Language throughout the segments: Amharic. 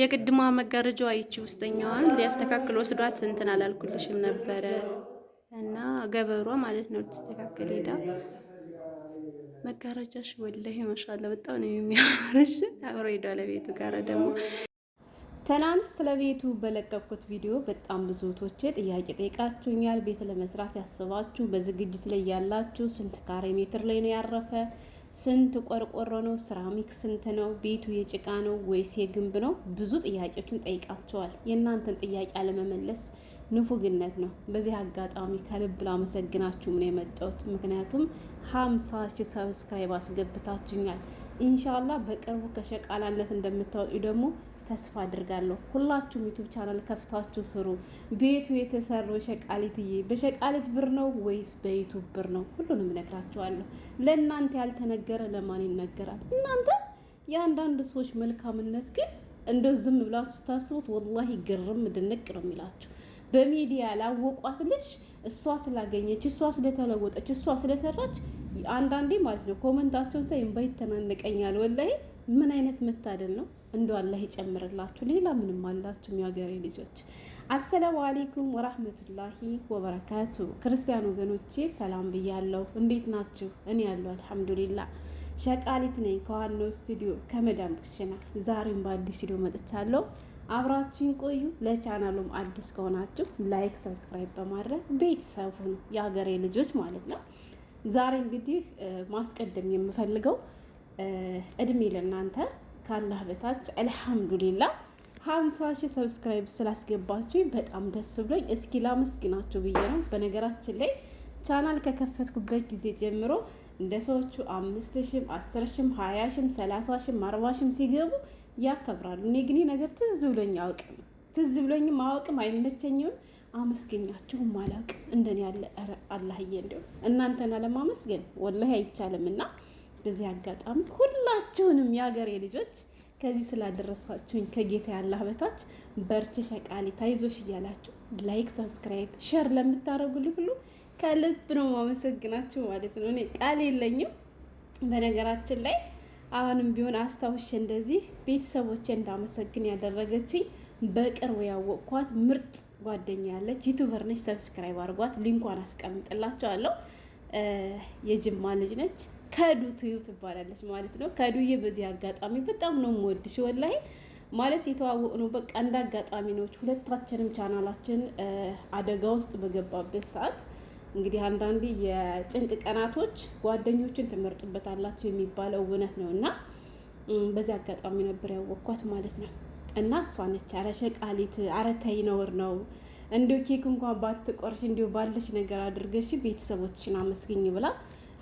የቅድሟ መጋረጃ አይቺ ውስጠኛዋን ሊያስተካክል ወስዷት እንትን አላልኩልሽም ነበረ እና ገበሯ ማለት ነው ልትስተካከል ሄዳ መጋረጃሽ ወላሂ ማሻአላ በጣም ነው የሚያምርሽ። አብሮ ሄዷ ለቤቱ ጋር ደግሞ ትናንት ስለ ቤቱ በለቀቁት ቪዲዮ በጣም ብዙ ቶቼ ጥያቄ ጠይቃችሁኛል። ቤት ለመስራት ያስባችሁ በዝግጅት ላይ ያላችሁ ስንት ካሬ ሜትር ላይ ነው ያረፈ ስንት ቆርቆሮ ነው? ሴራሚክ ስንት ነው? ቤቱ የጭቃ ነው ወይስ የግንብ ነው? ብዙ ጥያቄዎችን ጠይቃቸዋል። የእናንተን ጥያቄ አለመመለስ ንፉግነት ነው። በዚህ አጋጣሚ ከልብ ላመሰግናችሁ ነው የመጣሁት። ምክንያቱም ሀምሳ ሺ ሰብስክራይብ አስገብታችኛል። ኢንሻላ በቅርቡ ከሸቃላነት እንደምታወጡ ደግሞ ተስፋ አድርጋለሁ። ሁላችሁም ዩቱብ ቻናል ከፍታችሁ ስሩ። ቤቱ የተሰራው ሸቃሊትዬ፣ በሸቃሊት ብር ነው ወይስ በዩቱብ ብር ነው? ሁሉንም እነግራችኋለሁ። ለእናንተ ያልተነገረ ለማን ይነገራል? እናንተ የአንዳንድ ሰዎች መልካምነት ግን እንደው ዝም ብላችሁ ስታስቡት ወላሂ ግርም ድንቅ ነው የሚላችሁ በሚዲያ ላወቋት ልጅ እሷ ስላገኘች እሷ ስለተለወጠች እሷ ስለሰራች አንዳንዴ ማለት ነው ኮመንታቸውን ሳይ እንባ ይተናነቀኛል። ወላሂ ምን አይነት መታደል ነው? እንዶ አላህ ይጨምርላችሁ። ሌላ ምንም አላችሁም የሀገሬ ልጆች። አሰላሙ አሌይኩም ወራህመቱላሂ ወበረካቱ። ክርስቲያን ወገኖቼ ሰላም ብያለሁ። እንዴት ናችሁ? እኔ ያለው አልሐምዱሊላ። ሸቃሊት ነኝ ከዋናው ስቱዲዮ ከመዳም ክሽና። ዛሬም በአዲስ ስቱዲዮ መጥቻለሁ። አብራችሁን ቆዩ። ለቻናሉም አዲስ ከሆናችሁ ላይክ፣ ሰብስክራይብ በማድረግ ቤተሰብ ሁኑ፣ የሀገሬ ልጆች ማለት ነው። ዛሬ እንግዲህ ማስቀደም የምፈልገው እድሜ ለእናንተ ካላህ በታች አልሐምዱሊላ ሀምሳ ሺህ ሰብስክራይብ ስላስገባችሁኝ በጣም ደስ ብሎኝ እስኪ ላመስግናችሁ ብዬ ነው። በነገራችን ላይ ቻናል ከከፈትኩበት ጊዜ ጀምሮ እንደ ሰዎቹ አምስት ሺም አስር ሺም ሀያ ሺም ሰላሳ ሺም አርባ ሺም ሲገቡ ያከብራሉ። እኔ ግን ነገር ትዝ ብሎኝ አውቅም ትዝ ብሎኝም አውቅም አይመቸኝም። አመስገኛችሁም አላውቅም። እንደኔ ያለ አላህዬ እንዲሁም እናንተን አለማመስገን ወላሂ አይቻልም እና በዚህ አጋጣሚ ሁላችሁንም የሀገሬ ልጆች ከዚህ ስላደረሳችሁኝ ከጌታ ያላህ በታች በርቺ፣ ሸቃሊ ታይዞሽ እያላችሁ ላይክ፣ ሰብስክራይብ፣ ሸር ለምታደርጉልኝ ሁሉ ከልብ ነው ማመሰግናችሁ ማለት ነው። እኔ ቃል የለኝም። በነገራችን ላይ አሁንም ቢሆን አስታውሼ እንደዚህ ቤተሰቦቼ እንዳመሰግን ያደረገችኝ በቅርቡ ያወቅኳት ምርጥ ጓደኛ ያለች ዩቱበር ነች። ሰብስክራይብ አድርጓት፣ ሊንኳን አስቀምጥላችኋለሁ። የጅማ ልጅ ነች። ከዱ ትዩ ትባላለች ማለት ነው። ከዱዬ በዚህ አጋጣሚ በጣም ነው የምወድሽ ወላሂ ማለት ነው። በቃ እንደ አጋጣሚ ነው። ሁለታችንም ቻናላችን አደጋ ውስጥ በገባበት ሰዓት እንግዲህ አንዳንዴ የጭንቅ ቀናቶች ጓደኞችን ትመርጡበታላቸው የሚባለው እውነት ነው እና በዚህ አጋጣሚ ነበር ያወቅኳት ማለት ነው። እና እሷ ነች። አረሸ ቃሊት አረ ነውር ነው እንዲሁ ኬክ እንኳን ባትቆርሽ እንዲሁ ባለች ነገር አድርገሽ ቤተሰቦችሽን አመስግኝ ብላ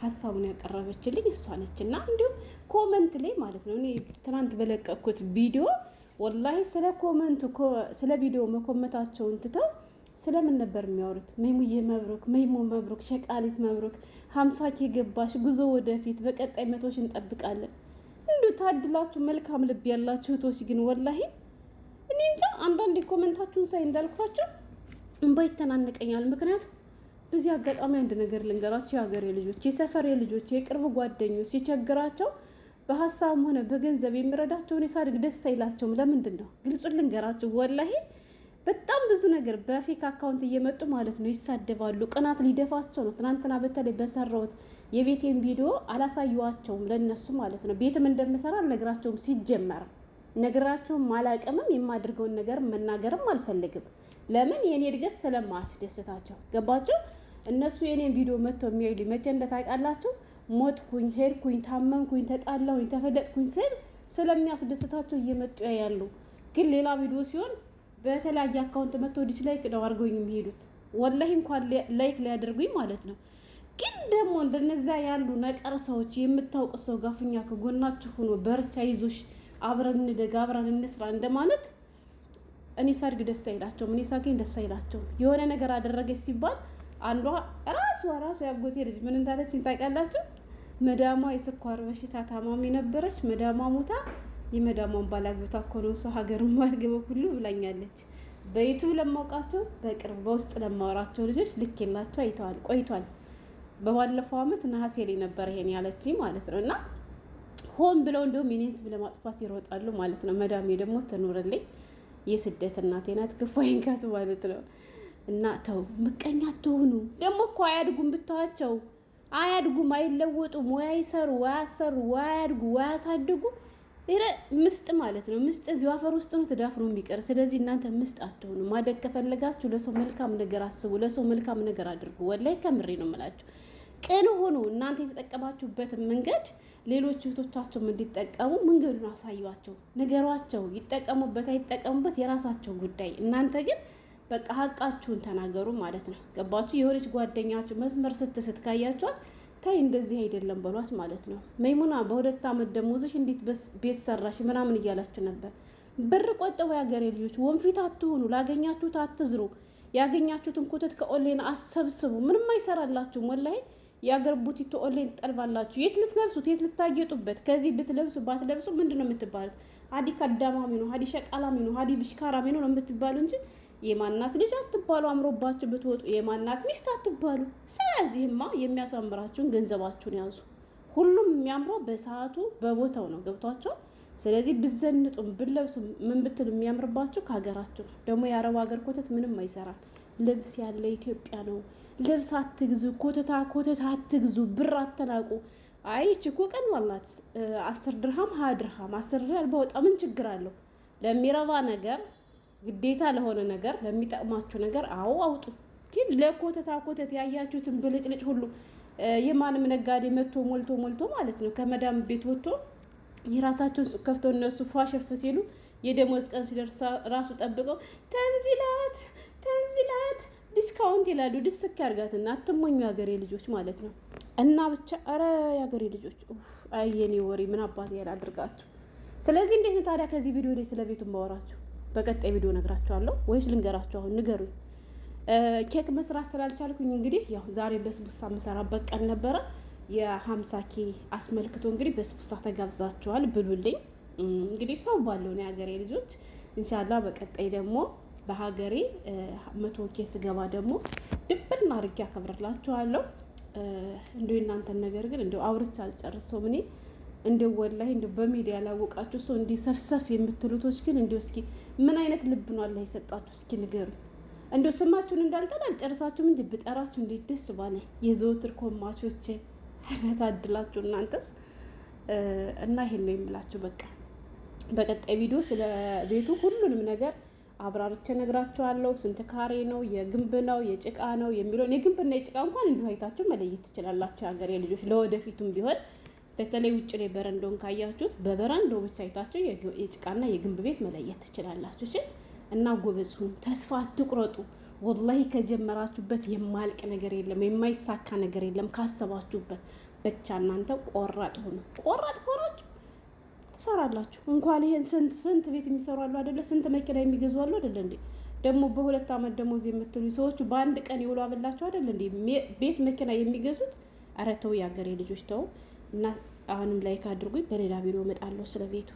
ሀሳቡን ያቀረበችልኝ እሷ ነች። እና እንዲሁም ኮመንት ላይ ማለት ነው እኔ ትናንት በለቀኩት ቪዲዮ ወላሂ ስለ ኮመንቱ ስለ ቪዲዮ መኮመታቸውን ትተው ስለምን ነበር የሚያወሩት? መይሙዬ መብሩክ፣ መይሙ መብሩክ፣ ሸቃሊት መብሩክ፣ ሀምሳ ኬ ገባሽ፣ ጉዞ ወደፊት፣ በቀጣይ መቶች እንጠብቃለን። እንዱ ታድላችሁ መልካም ልብ ያላችሁ እህቶች ግን ወላሂ እኔ እንጃ አንዳንዴ ኮመንታችሁን ሳይ እንዳልኳቸው እንባ ይተናነቀኛል። ምክንያቱም በዚህ አጋጣሚ አንድ ነገር ልንገራቸው። የሀገሬ ልጆች፣ የሰፈሬ ልጆች፣ የቅርብ ጓደኞች ሲቸግራቸው በሀሳብም ሆነ በገንዘብ የሚረዳቸውን የሳድግ ደስ አይላቸውም። ለምንድን ነው ግልጹን ልንገራቸው። ወላሄ በጣም ብዙ ነገር በፌክ አካውንት እየመጡ ማለት ነው ይሳደባሉ። ቅናት ሊደፋቸው ነው። ትናንትና በተለይ በሰራሁት የቤቴን ቪዲዮ አላሳየዋቸውም ለነሱ ማለት ነው። ቤትም እንደምሰራ አልነግራቸውም ሲጀመር ነግራቸው ማላቀምም የማደርገውን ነገር መናገርም አልፈልግም። ለምን የእኔ እድገት ስለማያስደስታቸው ገባቸው። እነሱ የእኔን ቪዲዮ መጥቶ የሚያዩ መቼ እንደታውቃላችሁ ሞትኩኝ፣ ሄድኩኝ፣ ታመምኩኝ፣ ተጣላሁኝ፣ ተፈለጥኩኝ ስል ስለሚያስደስታቸው እየመጡ ያሉ ግን ሌላ ቪዲዮ ሲሆን በተለያየ አካውንት መጥቶ ዲች ላይክ ነው አድርገውኝ የሚሄዱት። ወላሂ እንኳን ላይክ ሊያደርጉኝ ማለት ነው። ግን ደግሞ እንደነዚያ ያሉ ነቀር ሰዎች የምታውቁ ሰው ጋፍኛ ከጎናችሁ ሆኖ በርቻ ይዞሽ አብረን እንደግ፣ አብረን እንስራ እንደማለት እኔ ሳድግ ደስ አይላቸውም፣ እኔ ሳገኝ ደስ አይላቸውም። የሆነ ነገር አደረገች ሲባል አንዷ ራሷ ራሷ ያጎቴ ልጅ ምን እንዳለች ታውቃላችሁ? መዳሟ የስኳር በሽታ ታማሚ ነበረች። መዳሟ ሞታ የመዳሟን ባላግብታ እኮ ነው ሰው ሀገር ማትገበ ሁሉ ብላኛለች። በዩቱብ ለማውቃቸው በቅርብ በውስጥ ለማወራቸው ልጆች ልክ የላቸው አይተዋል ቆይቷል። በባለፈው አመት ነሐሴ ላይ ነበር ይሄን ያለች ማለት ነው እና ሆን ብለው እንደውም የኔን ስም ለማጥፋት ይሮጣሉ ማለት ነው። መዳሜ ደግሞ ትኑርልኝ፣ የስደት እናቴ ናት፣ ክፉ አይንካት ማለት ነው። እና ተው ምቀኛ ትሆኑ ደግሞ እኮ አያድጉም ብታዋቸው አያድጉም፣ አይለወጡም፣ ወይ አይሰሩ፣ ወይ አሰሩ፣ ወይ አያድጉ፣ ወይ አሳድጉ። ምስጥ ማለት ነው። ምስጥ እዚሁ አፈር ውስጥ ነው ተዳፍኖ የሚቀር። ስለዚህ እናንተ ምስጥ አትሆኑ። ማደግ ከፈለጋችሁ ለሰው መልካም ነገር አስቡ፣ ለሰው መልካም ነገር አድርጉ። ወላይ ከምሬ ነው የምላችሁ። ቅን ሁኑ። እናንተ የተጠቀማችሁበትን መንገድ ሌሎች እህቶቻቸውም እንዲጠቀሙ መንገዱን አሳዩቸው፣ ንገሯቸው። ይጠቀሙበት አይጠቀሙበት የራሳቸው ጉዳይ። እናንተ ግን በቃ ሀቃችሁን ተናገሩ ማለት ነው። ገባችሁ? የሆነች ጓደኛችሁ መስመር ስትስት ካያችኋት ታይ እንደዚህ አይደለም በሏት ማለት ነው። መይሙና በሁለት ዓመት ደሞዝሽ እንዴት ቤት ሰራሽ ምናምን እያላችሁ ነበር። ብር ቆጠቡ የአገሬ ልጆች፣ ወንፊት አትሆኑ፣ ላገኛችሁት አትዝሩ፣ ያገኛችሁትን ኮተት ከኦንላይን አሰብስቡ። ምንም አይሰራላችሁም ወላሂ የአገር ቡቲቶ ኦንላይን ትጠልባላችሁ። የት ልትለብሱት፣ የት ልታጌጡበት። ከዚህ ብትለብሱ ባትለብሱ ምንድን ነው የምትባሉት? ሀዲ ከዳማሚ ነው፣ ሀዲ ሸቃላሚ ነው፣ ሀዲ ብሽካራሚ ነው ነው የምትባሉ እንጂ የማናት ልጅ አትባሉ። አምሮባችሁ ብትወጡ የማናት ሚስት አትባሉ። ስለዚህማ የሚያሳምራችሁን ገንዘባችሁን ያዙ። ሁሉም የሚያምረው በሰዓቱ በቦታው ነው። ገብቷቸው ስለዚህ ብዘንጡም ብለብሱ ምን ብትሉ የሚያምርባችሁ ከሀገራችሁ ነው። ደግሞ የአረብ ሀገር ኮተት ምንም አይሰራም። ልብስ ያለ ኢትዮጵያ ነው። ልብስ አትግዙ፣ ኮተታ ኮተታ አትግዙ፣ ብር አተናቁ። አይ ይቺ እኮ ቀላላት አስር ድርሃም ሀያ ድርሃም አስር ድርሃም በወጣ ምን ችግር አለው? ለሚረባ ነገር ግዴታ ለሆነ ነገር ለሚጠቅማችሁ ነገር አዎ አውጡ። ግን ለኮተታ ኮተት ያያችሁትን ብልጭልጭ ሁሉ የማንም ነጋዴ መቶ ሞልቶ ሞልቶ ማለት ነው ከመዳም ቤት ወጥቶ የራሳቸውን ሱቅ ከፍተው እነሱ ፏሸፍ ሲሉ የደሞዝ ቀን ሲደርስ ራሱ ጠብቀው ተንዚላት ተንዚላት ዲስካውንት ይላሉ። ድስክ ያርጋትና አትሞኙ የሀገሬ ልጆች ማለት ነው። እና ብቻ ኧረ የሀገሬ ልጆች አየኔ ወሬ ምን አባት ያል አድርጋችሁ። ስለዚህ እንዴት ነው ታዲያ ከዚህ ቪዲዮ ላይ ስለ ቤቱን ማወራችሁ? በቀጣይ ቪዲዮ ነግራችኋለሁ ወይስ ልንገራችሁ? አሁን ንገሩኝ። ኬክ መስራት ስላልቻልኩኝ እንግዲህ ያው ዛሬ በስቡሳ ምሰራበት ቀን ነበረ። የሀምሳ ኬ አስመልክቶ እንግዲህ በስቡሳ ተጋብዛችኋል ብሉልኝ። እንግዲህ ሰው ባለው ነው የሀገሬ ልጆች። እንሻላ በቀጣይ ደግሞ በሀገሬ መቶ ኬ ስገባ ደግሞ ድብና አድርጌ አከብርላችኋለሁ። እንዲሁ እናንተን ነገር ግን እንዲሁ አውርቼ አልጨርሰውም እኔ እንዲሁ ወላሂ እንዲሁ በሚዲያ ያላወቃችሁ ሰው እንዲህ ሰፍሰፍ የምትሉቶች ግን እንዲሁ እስኪ ምን አይነት ልብ ነው አላህ የሰጣችሁ? እስኪ ንገሩ። እንዲሁ ስማችሁን እንዳልጠል አልጨርሳችሁም እንጂ ብጠራችሁ እንዴት ደስ ባለ የዘወትር ኮማቾቼ ያታድላችሁ እናንተስ እና ይሄን ነው የምላችሁ። በቃ በቀጣይ ቪዲዮ ስለ ቤቱ ሁሉንም ነገር አብራርቼ ነግራቸዋለሁ። ስንት ካሬ ነው፣ የግንብ ነው፣ የጭቃ ነው የሚለውን የግንብና የጭቃ እንኳን እንዲሁ አይታችሁ መለየት ትችላላችሁ። ሀገሬ ልጆች ለወደፊቱም ቢሆን በተለይ ውጭ ላይ በረንዳውን ካያችሁት በበረንዳው ብቻ አይታችሁ የጭቃና የግንብ ቤት መለየት ትችላላችሁ። እሺ እና ጎበዝሁን ተስፋ አትቁረጡ። ወላሂ ከጀመራችሁበት የማልቅ ነገር የለም፣ የማይሳካ ነገር የለም። ካሰባችሁበት ብቻ እናንተ ቆራጥ ሆኑ። ቆራጥ ሆናችሁ ትሰራላችሁ። እንኳን ይሄን ስንት ስንት ቤት የሚሰሩ አሉ አደለ? ስንት መኪና የሚገዙ አሉ አደለ እንዴ? ደግሞ በሁለት ዓመት ደሞዝ የምትሉ ሰዎች በአንድ ቀን ይውሉ አበላቸው አደለ እንዴ? ቤት መኪና የሚገዙት። አረተው ተው የአገሬ ልጆች ተው። እና አሁንም ላይክ አድርጉኝ። በሌላ ቪዲዮ እመጣለሁ ስለ ቤቱ